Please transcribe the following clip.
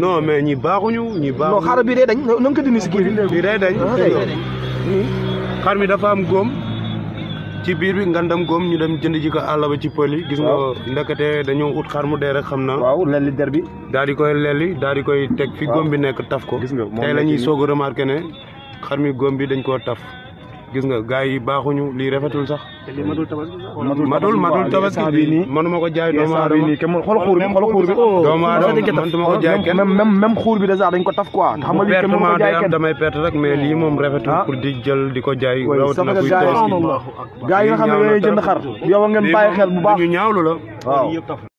non mais ñi baaxuñu ñi baaxuñu. non xaaral bi day dañ na nga ko dindi si kii bi day dañ. Ah, hmm? xar mi dafa am góom. ci biir bi ngandam góom ñu dem jënd ji ko àll ba ci pël yi gis nga ndekete dañoo ut xar mu dee rek xam na waaw lelli der bi daal di koy lelli daal di koy teg fi góom bi nekk taf ko tey la ñuy soog a remarqué ne xar mi góom bi dañ koo taf gis nga gars yi baaxuñu li rafetul sax. matul matul tabaski bi ko jaay doomu aadama xuur bi xool xuur ko jaay kenn même même xuur bi déjà dañ ko taf quoi. xam nga kenn mënu perte rek mais lii moom rafetul ah. pour di jël di ko jaay. rawatina yi nga xam ne yooyu jënd xar yow ngeen bàyyi xel bu baax